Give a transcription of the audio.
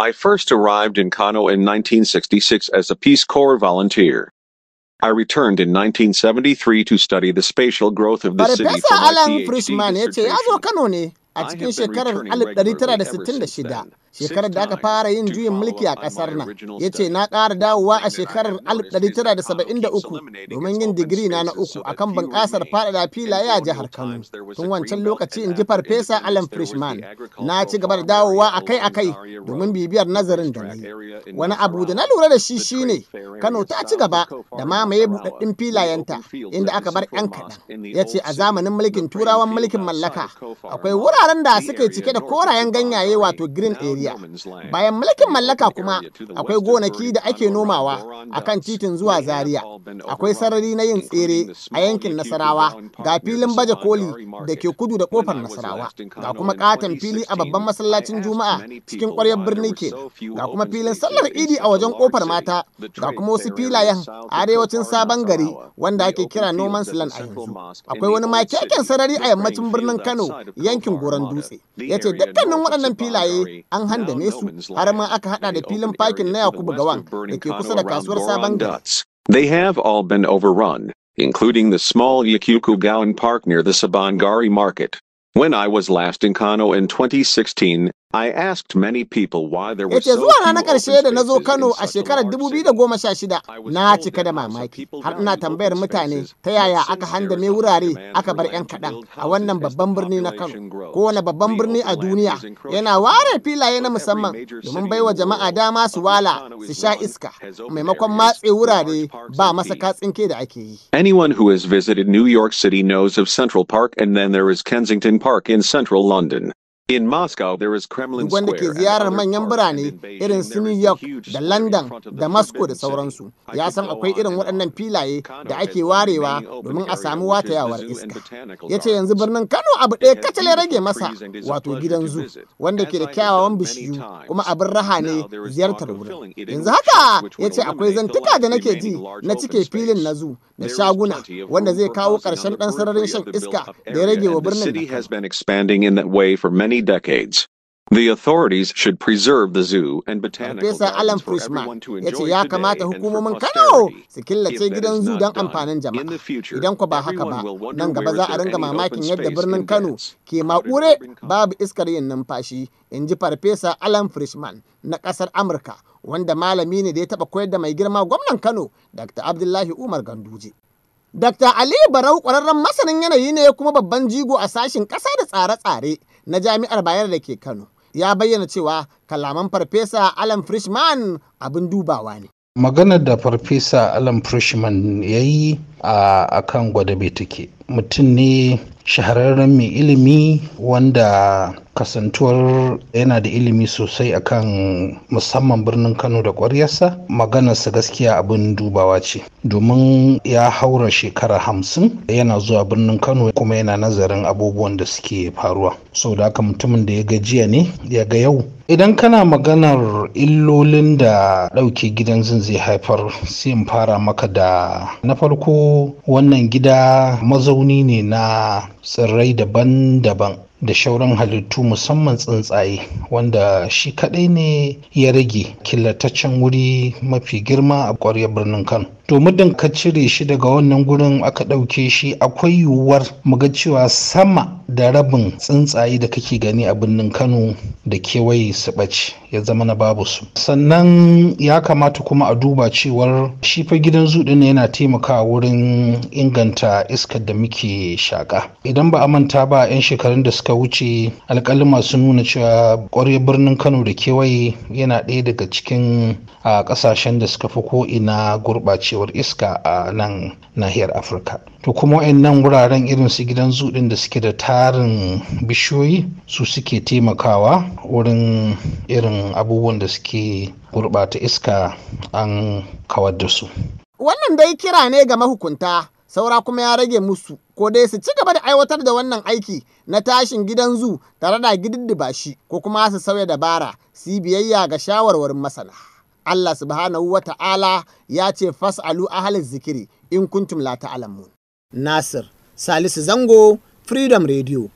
I first arrived in Kano in 1966 as a Peace Corps volunteer. I returned in 1973 to study the spatial growth of the Bare city for my Alan Frischman ya ce ya zo Kano ne a cikin shekarar 1966. shekarar da aka fara yin juyin mulki a kasar nan ya ce na ƙara dawowa a shekarar 1973 domin yin digiri na na uku kan bunƙasar faɗaɗa filaye a jihar kano tun wancan lokaci in ji farfesa alan frishman na ci gaba da dawowa a kai domin bibiyar nazarin da na yi wani abu da na lura da shi shine kano ta ci gaba da mamaye buɗaɗɗin filayenta inda aka bar 'yan kaɗan ya ce a zamanin mulkin turawan mulkin mallaka akwai wuraren da suke cike da korayen ganyaye wato green area Bayan mulkin mallaka kuma akwai gonaki da ake nomawa a kan titin zuwa Zaria. Akwai sarari na yin tsere a yankin Nasarawa ga filin baje koli da ke kudu da kofar Nasarawa. Ga kuma katon fili a babban masallacin Juma'a cikin ƙwaryar birni ke. Ga kuma filin sallar Idi a wajen kofar mata. Ga kuma wasu filayen arewacin sabon gari wanda ake kira noman silan a yanzu. Akwai wani makeken sarari a yammacin birnin Kano yankin Goron Dutse. Ya ce dukkanin waɗannan filaye an su har ma aka hada da filin na Yakubu da ke kusa da kasuwar Sabon They have all been overrun, including the small Yakukugaon Park near the Sabangari market. When I was last in Kano in 2016, I asked many people why there were so zuwa ranar ƙarshe da na zo Kano a shekarar 2016 na cika da mamaki har ina tambayar mutane ta yaya aka handame wurare aka bar 'yan kaɗan a wannan babban birni na Kano kowane babban birni a duniya yana ware filaye na musamman domin baiwa jama'a dama su wala su sha iska maimakon matse wurare ba masa katsinke da ake yi. Anyone who has visited New York City knows of Central Park and then there is Kensington Park in central London. In Moscow, there is Kremlin wanda ke ziyarar manyan birane irin su New York da London da Moscow da sauransu. Ya san akwai irin waɗannan filaye da ake warewa domin a samu watayawar iska. Ya ce yanzu birnin Kano abu ɗaya kacal ya rage masa wato gidan zu wanda ke da kyawawan bishiyu kuma abin raha ne ziyartar wurin. Yanzu haka ya ce akwai zantuka da nake ji na cike filin na zu da shaguna wanda zai kawo ƙarshen ɗan sararin shan iska da ya rage wa birnin. decades. The authorities should preserve the zoo and botanical Farfesa Alan Frischman ya ce ya kamata hukumomin Kano su killace gidan zoo don amfanin jama'a. Idan ku ba haka ba, nan gaba za a ringa mamakin yadda birnin Kano ke makure babu iskar yin numfashi, in ji Farfesa Alan Frischman na ƙasar Amurka, wanda malami ne da ya taɓa koyar da mai girma gwamnan Kano, Dr. Abdullahi Umar Ganduje. Dr. Ali Barau ƙwararren masanin yanayi ne kuma babban jigo a sashen ƙasa da tsare-tsare na jami'ar bayar da ke kano ya bayyana cewa kalaman farfesa alan frishman abin dubawa ne maganar da farfesa alan frishman ya yi a kan gwadabe take mutum ne shahararren mai ilimi wanda kasantuwar yana da ilimi sosai akan musamman birnin kano da ƙwaryarsa maganarsa gaskiya abin dubawa ce domin ya haura shekara hamsin yana zuwa birnin kano kuma yana nazarin abubuwan da suke faruwa sau da haka mutumin da ya ga jiya ne ya ga yau idan kana maganar illolin da ɗauke gidan zin zai haifar sai in fara maka da na farko wannan gida mazauni ne na tsirrai daban-daban da shauran halittu musamman tsuntsaye wanda shi kaɗai ne ya rage killataccen wuri mafi girma a ƙwaryar birnin kano to muddin ka cire shi daga wannan gurin aka ɗauke shi akwai yiwuwar muga cewa sama da rabin tsuntsaye da kake gani a birnin kano da kewaye su ɓace ya zama na babu su sannan ya kamata kuma a duba cewar shi gidan zuɗi ne yana taimakawa wurin inganta iskar da muke shaƙa idan ba a manta ba 'yan shekarun da suka wuce alƙalima sun nuna cewa ƙwarya birnin kano da kewaye yana ɗaya daga cikin a ƙasashen da suka fi ko'ina ina gurɓacewa gurɓacewar iska a nan nahiyar afirka to kuma wayannan wuraren irin su gidan zuɗin da suke da tarin bishiyoyi su suke taimakawa wurin irin abubuwan da suke gurɓata iska an kawar da su wannan dai kira ne ga mahukunta saura kuma ya rage musu ko dai su ci gaba da aiwatar da wannan aiki na tashin gidan zu tare da gididdiba shi ko kuma su sauya dabara su yi biyayya ga shawarwarin masana. Allah subhanahu wa ta'ala ya ce fas'alu ahalin zikiri in kuntum la ta'lamun. Nasir Salisu Zango Freedom Radio